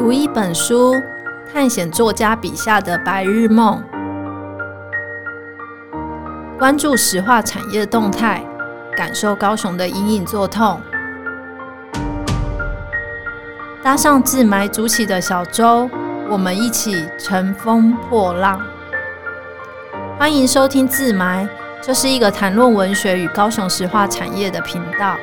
讀一本書，探險作家筆下的白日夢；關注石化產業動態，感受高雄的隱隱作痛。搭上自埋築起的小舟，我們一起乘風破浪。歡迎收聽自埋，這、就是一個談論文學與高雄石化產業的頻道。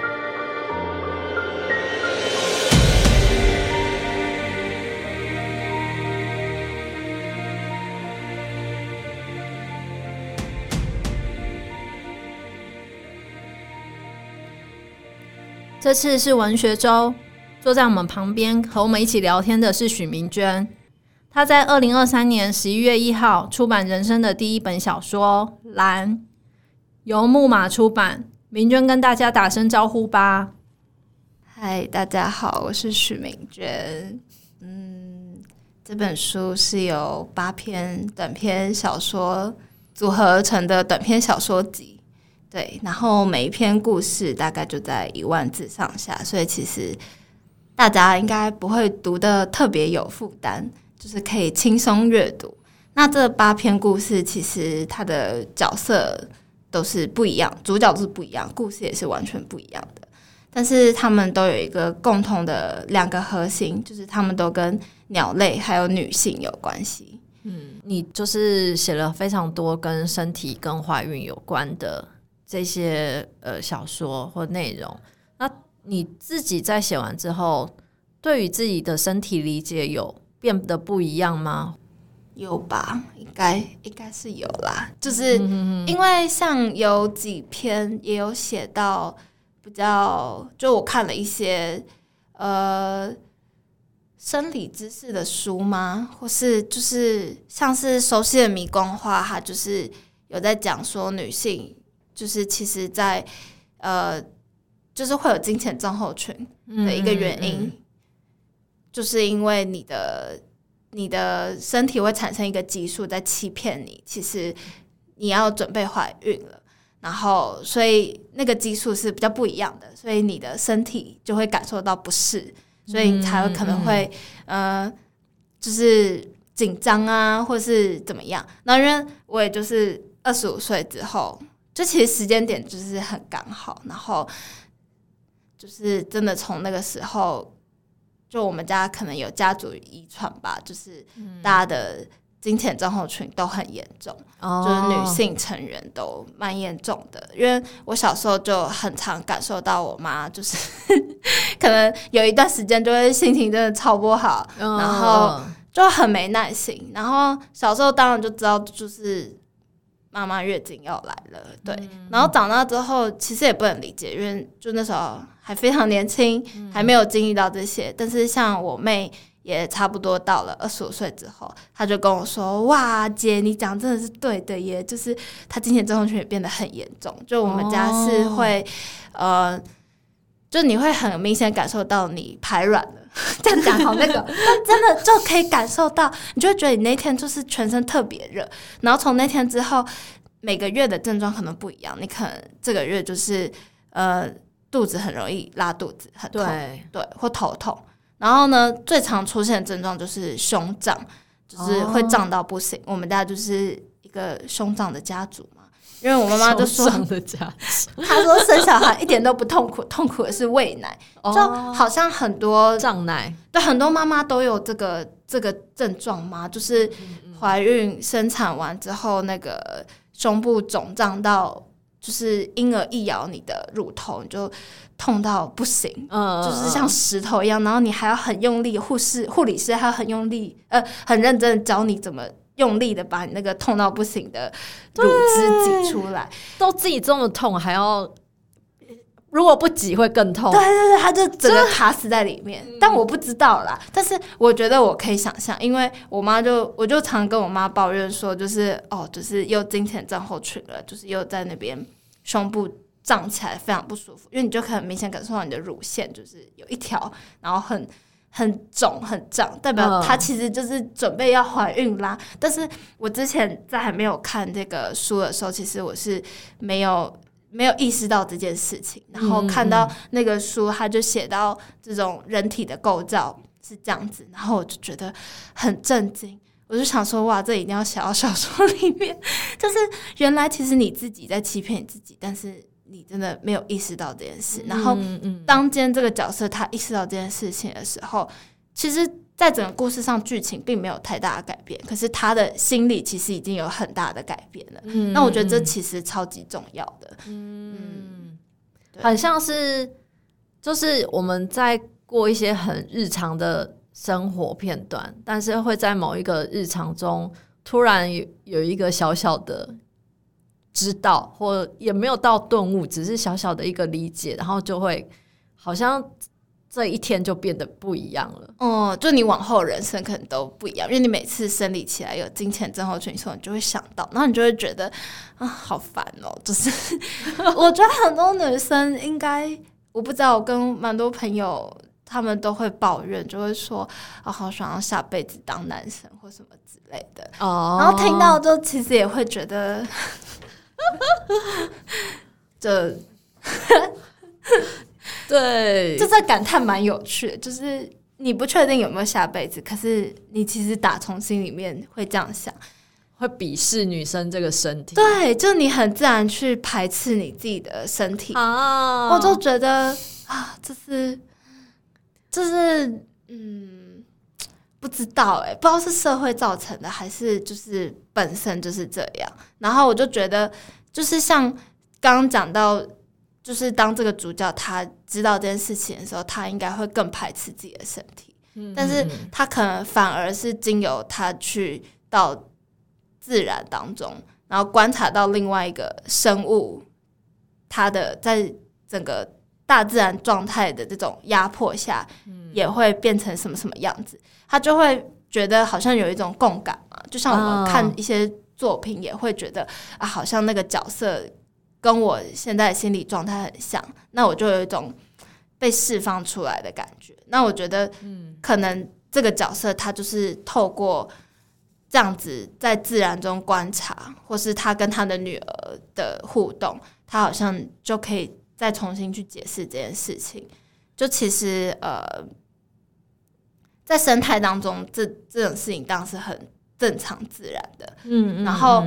這次是文學周，坐在我們旁邊和我們一起聊天的是許明涓。她在二零二三年十一月一號出版人生的第一本小說《藍》，由木馬出版。明涓跟大家打聲招呼吧。嗨，大家好，我是許明涓。嗯，這本書是由八篇短篇小說組合成的短篇小說集。對，然後每一篇故事大概就在一萬字上下，所以其實大家應該不會讀得特別有負擔，就是可以輕鬆閱讀。那這八篇故事其實它的角色都是不一樣，主角都是不一樣，故事也是完全不一樣的。但是他們都有一個共同的兩個核心，就是他們都跟鳥類還有女性有關係。嗯，你就是寫了非常多跟身體跟懷孕有關的。這些呃小說或內容，那你自己在寫完之後，對於自己的身體理解有變得不一樣嗎？有吧，應該應該是有啦。就是因為像有幾篇也有寫到比較，就我看了一些呃生理知識的書嗎？或是就是像是熟悉的迷宮話，它就是有在講說女性。就是其實在，在呃，就是會有經前症候群的一個原因，嗯嗯、就是因為你的你的身體會產生一個激素在欺騙你，其實你要準備懷孕了，然後所以那個激素是比較不一樣的，所以你的身體就會感受到不適，所以才會可能會、嗯嗯嗯、呃，就是緊張啊，或是怎麼樣。然後因為我也就是二十五歲之後。就其實時間點就是很剛好，然後就是真的從那個時候，就我們家可能有家族遺傳吧，就是大家的經前症候群都很嚴重，嗯、就是女性成員都蠻嚴重的。哦、因為我小時候就很常感受到我媽，就是 可能有一段時間就會心情真的超不好，哦、然後就很沒耐心。然後小時候當然就知道，就是。媽媽月經要來了，對，然後長大之後其實也不能理解，因為就那時候還非常年輕，還沒有經歷到這些。但是像我妹也差不多到了二十五歲之後，她就跟我說：“哇，姐，你講真的是對的耶！”就是她經前綜合徵也變得很嚴重，就我們家是會、oh. 呃，就你會很明顯感受到你排卵。真的 好那個，真的就可以感受到，你就會覺得你那天就是全身特別熱，然後從那天之後，每個月的症狀可能不一樣。你可能這個月就是呃肚子很容易拉肚子，很痛，對，對，或頭痛，然後呢，最常出現的症狀就是胸脹，就是會脹到不行，Oh. 我們大家就是一個胸脹的家族。因為我媽媽都說，她說生小孩一點都不痛苦，痛苦的是餵奶，就好像很多脹奶，對，很多媽媽都有這個這個症狀嗎？就是懷孕生產完之後，那個胸部腫脹到就是嬰兒一咬你的乳頭，你就痛到不行，嗯，就是像石頭一樣，然後你還要很用力，護士護理師還要很用力，呃，很認真的教你怎麼。用力的把你那個痛到不行的乳汁擠出來對，都自己這麼痛，還要如果不擠會更痛。對對對，他就整個卡死在裡面。就但我不知道啦，嗯、但是我覺得我可以想象，因為我媽就我就常跟我媽抱怨說，就是哦，就是又經前症候群了，就是又在那邊胸部脹起來，非常不舒服。因為你就很明顯感受到你的乳腺就是有一條，然後很。很腫很脹，代表她其實就是準備要懷孕啦。Uh. 但是我之前在還沒有看這個書的時候，其實我是沒有沒有意識到這件事情。然後看到那個書，他就寫到這種人體的構造是這樣子，然後我就覺得很震驚。我就想說，哇，這一定要寫到小說裡面，就是原來其實你自己在欺騙你自己，但是。你真的沒有意識到這件事，然後當今天這個角色他意識到這件事情的時候，嗯嗯、其實，在整個故事上劇情並沒有太大的改變，可是他的心裡其實已經有很大的改變了。嗯、那我覺得這其實超級重要的。嗯，嗯很像是就是我們在過一些很日常的生活片段，但是會在某一個日常中突然有有一個小小的。知道或也沒有到頓悟，只是小小的一個理解，然後就會好像這一天就變得不一樣了。嗯，就你往後人生可能都不一樣，因為你每次生理起來有經前症候群的時候，你就會想到，然後你就會覺得啊、嗯，好煩哦、喔。就是 我覺得很多女生應該，我不知道，我跟蠻多朋友他們都會抱怨，就會說啊、哦，好想要下輩子當男生或什麼之類的。哦、嗯，然後聽到就其實也會覺得。哈哈，這對，這在感嘆蠻有趣的。就是你不確定有沒有下輩子，可是你其實打從心裡面會這樣想，會鄙視女生這個身體。對，就你很自然去排斥你自己的身體。哦。我就覺得啊，這是，這是，嗯。不知道哎、欸，不知道是社會造成的，還是就是本身就是這樣。然後我就覺得，就是像剛剛講到，就是當這個主角他知道這件事情的時候，他應該會更排斥自己的身體，嗯、但是他可能反而是經由他去到自然當中，然後觀察到另外一個生物，他的在整個。大自然狀態的這種壓迫下，也會變成什麼什麼樣子？他就會覺得好像有一種共感嘛，就像我們看一些作品，也會覺得啊，好像那個角色跟我現在心理狀態很像，那我就有一種被釋放出來的感覺。那我覺得，嗯，可能這個角色他就是透過這樣子在自然中觀察，或是他跟他的女兒的互動，他好像就可以。再重新去解釋這件事情，就其實呃，在生態當中，這這種事情當然是很正常自然的，嗯，然後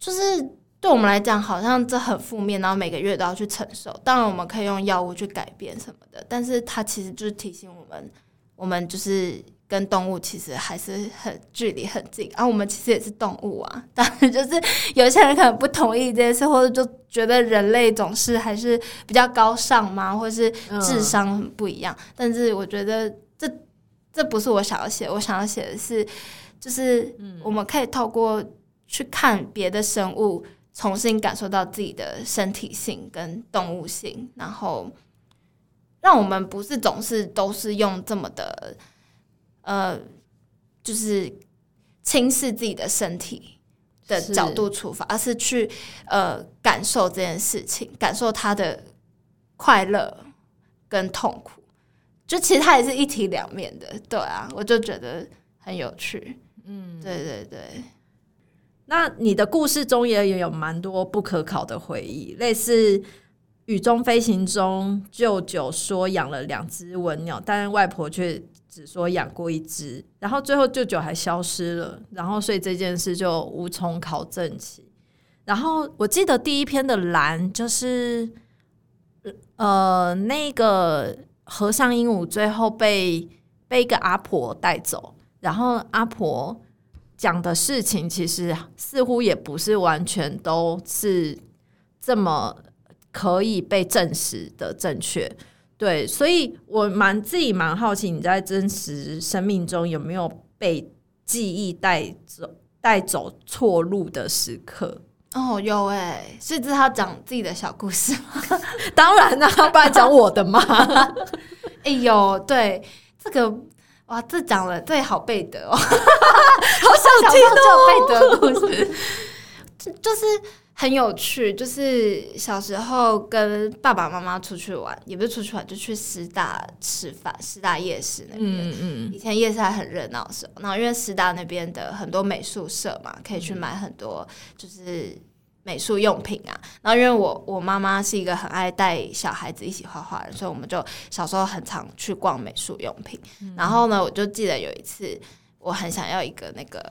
就是對我們來講，好像這很負面，然後每個月都要去承受。當然，我們可以用藥物去改變什麼的，但是它其實就是提醒我們，我們就是。跟動物其實還是很距離很近，然後，啊、我們其實也是動物啊。當然就是有些人可能不同意這件事，或者就覺得人類總是還是比較高尚嗎？或是智商很不一樣？嗯，但是我覺得這這不是我想要寫。我想要寫的是，就是我們可以透過去看別的生物，重新感受到自己的身體性跟動物性，然後讓我們不是總是都是用這麼的。呃，就是輕視自己的身體的角度出發，而是，是去呃感受這件事情，感受它的快樂跟痛苦。就其實它也是一體兩面的，對啊，我就覺得很有趣。嗯，對對對。那你的故事中也有蠻多不可考的回憶，類似雨中飛行中，舅舅說養了兩只文鳥，但外婆卻。只說養過一隻，然後最後舅舅還消失了，然後所以這件事就無從考證起。然後我記得第一篇的藍就是，呃，那個和尚鸚鵡最後被被一個阿婆帶走，然後阿婆講的事情其實似乎也不是完全都是這麼可以被證實的正確。對，所以我蠻自己蠻好奇，你在真實生命中有沒有被記憶帶走帶走錯路的時刻？哦，有哎、欸，是這他講自己的小故事嗎？當然啦，他不然講我的嘛 哎呦，對這個哇，這講了對好背德哦， 好想聽的、哦、 想到這背德故事， 就是。很有趣，就是小時候跟爸爸媽媽出去玩，也不是出去玩，就去師大吃飯，師大夜市那邊，嗯。嗯嗯。以前夜市還很熱鬧的時候，然後因為師大那邊的很多美術社嘛，可以去買很多就是美術用品啊。嗯。然後因為我我媽媽是一個很愛帶小孩子一起畫畫的，所以我們就小時候很常去逛美術用品。嗯。然後呢，我就記得有一次，我很想要一個那個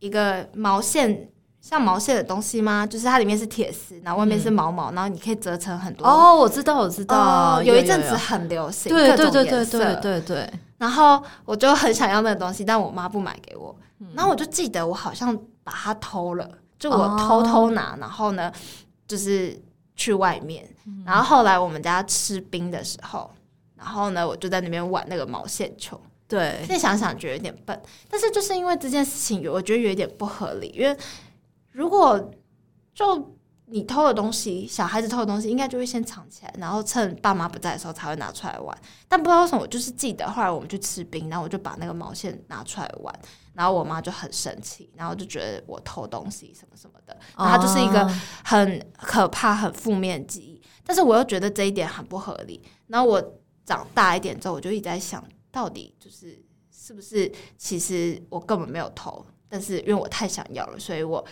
一個毛線。像毛線的東西嗎？就是它裡面是鐵絲，然後外面是毛毛，然後你可以折成很多。哦，我知道，我知道，有一陣子很流行。對對對對對對對。然後我就很想要那個東西，但我媽不買給我。然後我就記得我好像把它偷了，就我偷偷拿。然後呢，就是去外面。然後後來我們家吃冰的時候，然後呢，我就在那邊玩那個毛線球。對，現在想想覺得有點笨，但是就是因為這件事情，我覺得有點不合理，因為。如果，就你偷的東西，小孩子偷的東西，應該就會先藏起來，然後趁爸媽不在的時候才會拿出來玩。但不知道為什麼，我就是記得，後來我們去吃冰，然後我就把那個毛線拿出來玩，然後我媽就很生氣，然後就覺得我偷東西什麼什麼的，然後就是一個很可怕、很負面的記憶。但是我又覺得這一點很不合理。然後我長大一點之後，我就一直在想到底就是，是不是其實我根本沒有偷，但是因為我太想要了，所以我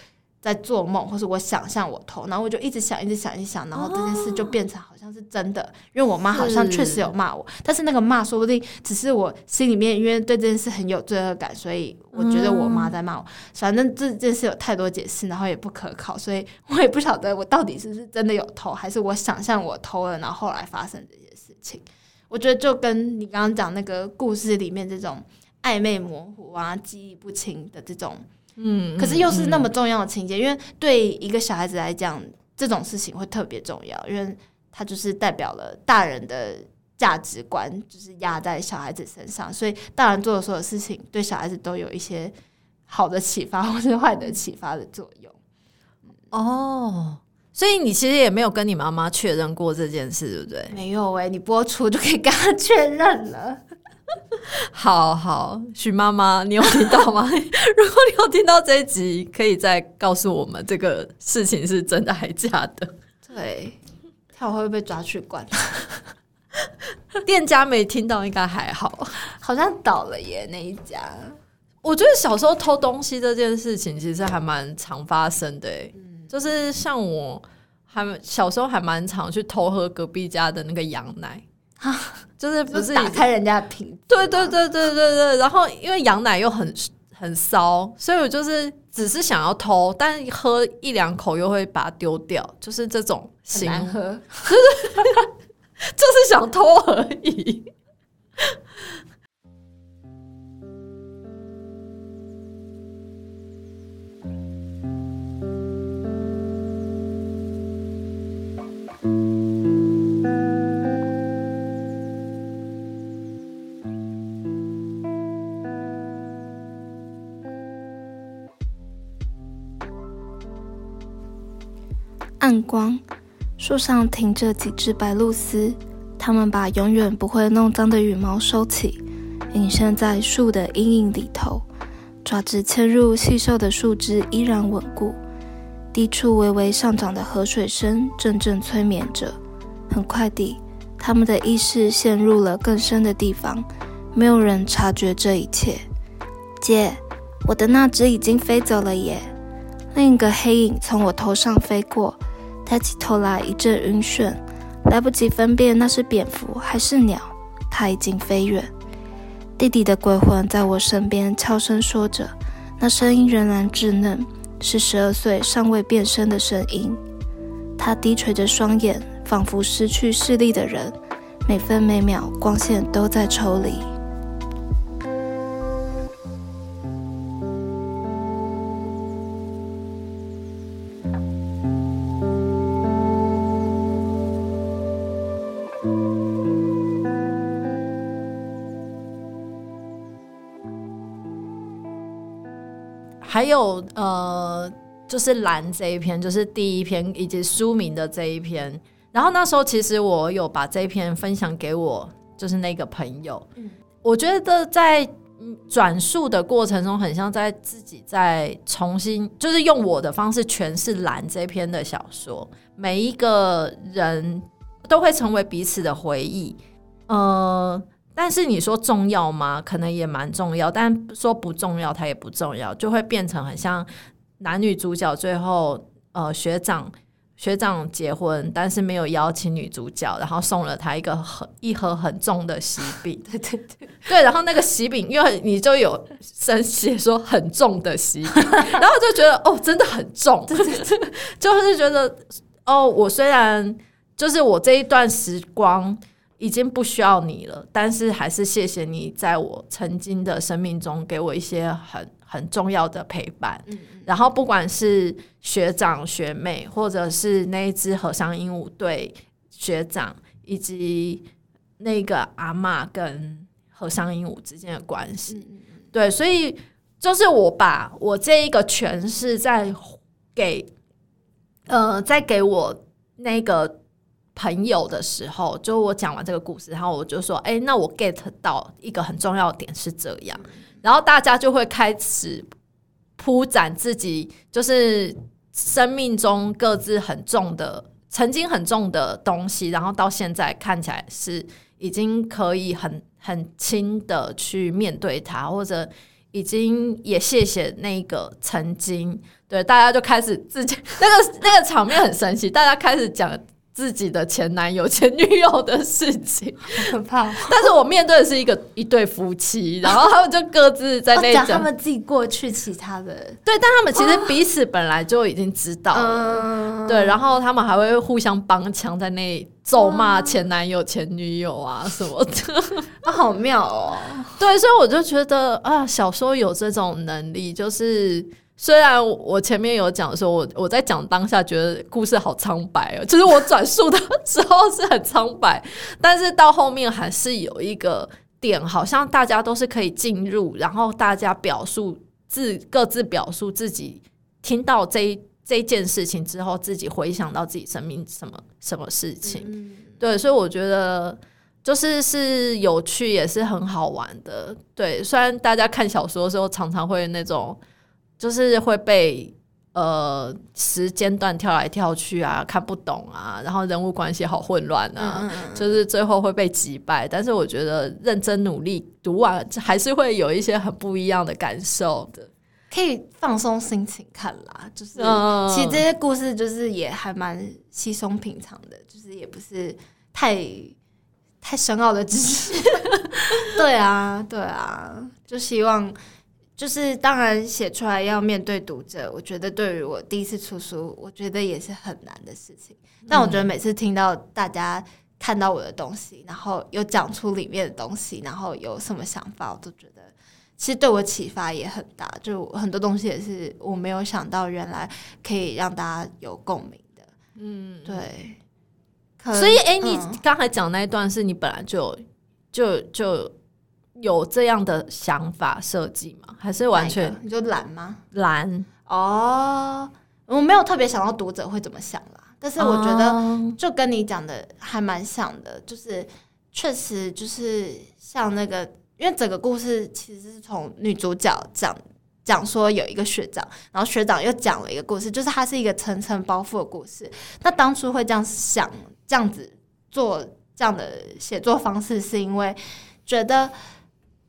在做夢，或是我想象我偷，然後我就一直想，一直想，一直想，然後這件事就變成好像是真的。哦、因為我媽好像確實有罵我，是但是那個罵說不定只是我心裡面因為對這件事很有罪惡感，所以我覺得我媽在罵我。嗯、反正這件事有太多解釋，然後也不可靠，所以我也不曉得我到底是不是真的有偷，還是我想象我偷了，然後後來發生這些事情。我覺得就跟你剛剛講那個故事裡面這種曖昧模糊啊、記憶不清的這種。嗯，可是又是那麼重要的情節，嗯嗯、因為對一個小孩子來講，這種事情會特別重要，因為它就是代表了大人的價值觀，就是壓在小孩子身上，所以大人做的所有的事情，對小孩子都有一些好的啟發或是壞的啟發的作用。哦，所以你其實也沒有跟你媽媽確認過這件事，對不對？沒有哎、欸，你播出就可以跟她確認了。好好，許媽媽，你有聽到嗎？ 如果你有聽到這一集，可以再告訴我們這個事情是真的還是假的。對，看我會不會被抓去關？ 店家沒聽到應該還好，好像倒了耶那一家。我覺得小時候偷東西這件事情其實還蠻常發生的，嗯、就是像我還小時候還蠻常去偷喝隔壁家的那個羊奶。 就是不是你開人家瓶？對對對對對對。然後因為羊奶又很很騷，所以我就是只是想要偷，但喝一兩口又會把它丟掉，就是這種行，難喝， 就是想偷而已。 光樹上停着幾隻白鷺鷥，它們把永遠不會弄髒的羽毛收起，隱身在樹的陰影裡頭。爪子嵌入細瘦的樹枝，依然穩固。低處微微上漲的河水聲，陣陣催眠着。很快地，它們的意識陷入了更深的地方。沒有人察覺這一切。姐，我的那隻已經飛走了耶。另一個黑影從我頭上飛過。抬起頭來，一陣暈眩，來不及分辨，那是蝙蝠還是鳥，它已經飛遠。弟弟的鬼魂在我身邊悄聲說着，那聲音仍然稚嫩，是十二歲尚未變聲的聲音。他低垂着雙眼，仿佛失去視力的人，每分每秒光線都在抽離。還有呃，就是藍這一篇，就是第一篇以及書名的這一篇。然後那時候，其實我有把這一篇分享給我就是那個朋友。嗯。我覺得在轉述的過程中，很像在自己在重新，就是用我的方式詮釋藍這一篇的小說。每一個人都會成為彼此的回憶。呃。但是你說重要嗎？可能也蠻重要，但說不重要，它也不重要，就會變成很像男女主角最後，呃，學長學長結婚，但是沒有邀請女主角，然後送了她一個很一盒很重的喜餅，對對對，對，對，然後那個喜餅，因為你就有在寫說很重的喜餅， 然後就覺得哦，真的很重，對對對 就是覺得哦，我雖然就是我這一段時光。已經不需要你了，但是還是謝謝你在我曾經的生命中給我一些很很重要的陪伴。嗯嗯。然後不管是學長學妹，或者是那一隻和尚鸚鵡對學長以及那個阿嬤跟和尚鸚鵡之間的關係，嗯嗯。對，所以就是我把我這一個詮釋在給，呃，在給我那個。朋友的時候，就我講完這個故事，然後我就說：“欸，那我 get 到一個很重要的點是這樣。”然後大家就會開始鋪展自己，就是生命中各自很重的、曾經很重的東西，然後到現在看起來是已經可以很很輕的去面對它，或者已經也謝謝那個曾經。對，大家就開始自己那個那個場面很神奇， 大家開始講。自己的前男友、前女友的事情，很可怕。但是我面對的是一個一對夫妻，然後他們就各自在那講他們自己過去，其他的對，但他們其實彼此本來就已經知道了，對。然後他們還會互相幫腔，在那裡咒罵前男友、前女友啊什麼的，啊，好妙哦！對，所以我就覺得啊，小說有這種能力，就是。雖然我前面有講說，我我在講當下覺得故事好蒼白哦，就是我轉述的時候是很蒼白，但是到後面還是有一個點，好像大家都是可以進入，然後大家表述自各自表述自己聽到這這件事情之後，自己回想到自己生命什麼什麼事情，對，所以我覺得就是是有趣，也是很好玩的。對，雖然大家看小說的時候常常會那種。就是會被呃時間段跳來跳去啊，看不懂啊，然後人物關係好混亂啊，嗯嗯嗯，就是最後會被擊敗。但是我覺得認真努力讀完，還是會有一些很不一樣的感受的，可以放鬆心情看啦。就是嗯嗯其實這些故事就是也還蠻稀鬆平常的，就是也不是太太深奧的知識。 對啊，對啊，就希望。就是當然寫出來要面對讀者，我覺得對於我第一次出書，我覺得也是很難的事情。但我覺得每次聽到大家看到我的東西，然後有講出裡面的東西，然後有什麼想法，我都覺得其實對我啟發也很大。就很多東西也是我沒有想到，原來可以讓大家有共鳴的。嗯，對。所以，哎、欸，嗯，你剛才講那一段是你本來就就就。就有這樣的想法設計嗎？還是完全你就懶嗎？懶哦懶，oh, 我沒有特別想到讀者會怎麼想啦。但是我覺得就跟你講的還蠻像的，oh. 就是確實就是像那個，因為整個故事其實是從女主角講講說有一個學長，然後學長又講了一個故事，就是它是一個層層包袱的故事。那當初會這樣想、這樣子做這樣的寫作方式，是因為覺得。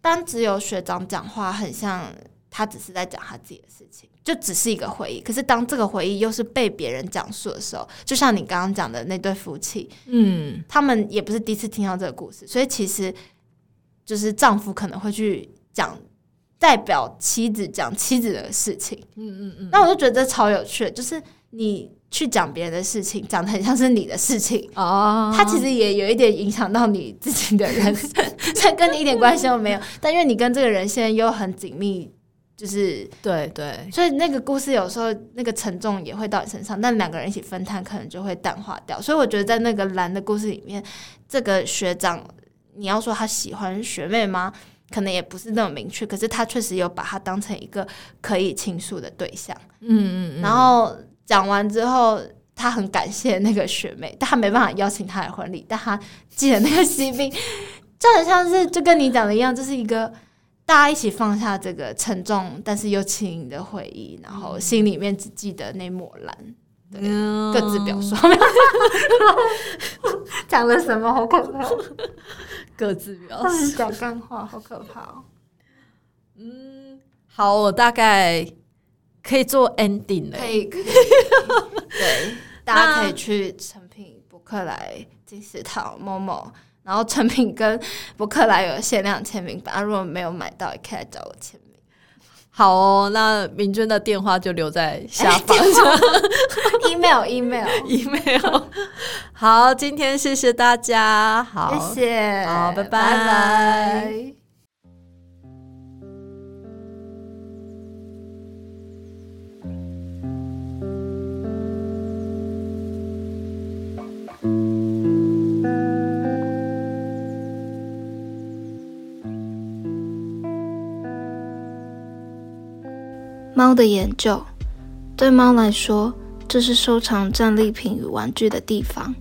當只有學長講話，很像他只是在講他自己的事情，就只是一個回憶。可是當這個回憶又是被別人講述的時候，就像你剛剛講的那對夫妻，嗯，他們也不是第一次聽到這個故事，所以其實就是丈夫可能會去講代表妻子講妻子的事情，嗯嗯嗯。那我就覺得這超有趣的，就是你。去講別人的事情，講的很像是你的事情。哦，他其實也有一點影響到你自己的人生，但 跟你一點關係都沒有。 但因為你跟這個人現在又很緊密，就是對對，所以那個故事有時候那個沉重也會到你身上，但兩個人一起分攤，可能就會淡化掉。所以我覺得在那個藍的故事裡面，這個學長，你要說他喜歡學妹嗎？可能也不是那麼明確，可是他確實有把他當成一個可以傾訴的對象。嗯嗯、mm，hmm. 然後。講完之後，他很感謝那個學妹，但他沒辦法邀請她來婚禮，但他記得那個錫兵，就很像是就跟你講的一樣，就是一個大家一起放下這個沉重但是又輕盈的回憶，然後心裡面只記得那抹藍。嗯，No. 各自表述，講了什麼好可怕？各自表述，講幹 話好可怕哦。嗯，好，我大概。可以做 ending 可、欸、以可以，可以 對， 大家可以去誠品博客來金石堂 MOMO，然後誠品跟博客來有限量簽名版，如果沒有買到，也可以來找我簽名。好哦，那明涓的電話就留在下方，email email email。好，今天謝謝大家，好，謝謝，好，拜拜。Bye bye 貓的研究，對貓來說，這是收藏戰利品與玩具的地方，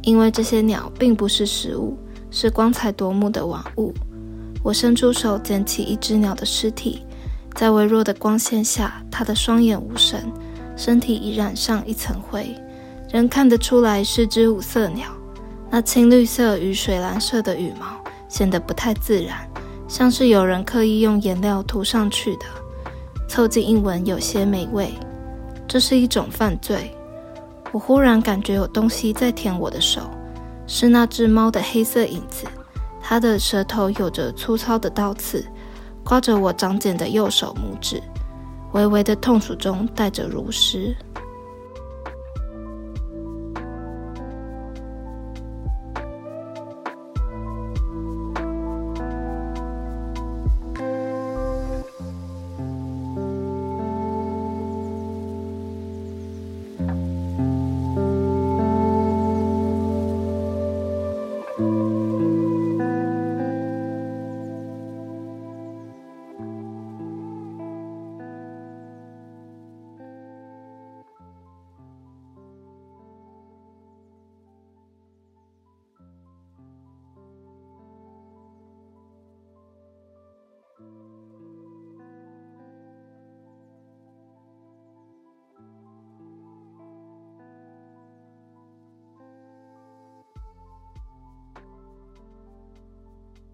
因為這些鳥並不是食物，是光彩奪目的玩物。我伸出手撿起一只鳥的屍體，在微弱的光線下，它的雙眼無神，身體已染上一層灰，仍看得出來是只五色鳥。那青綠色與水藍色的羽毛顯得不太自然，像是有人刻意用顏料塗上去的。湊近一聞，有些美味。這是一種犯罪。我忽然感覺有東西在舔我的手，是那只貓的黑色影子。它的舌頭有着粗糙的倒刺，刮着我長繭的右手拇指。微微的痛楚中帶着如詩。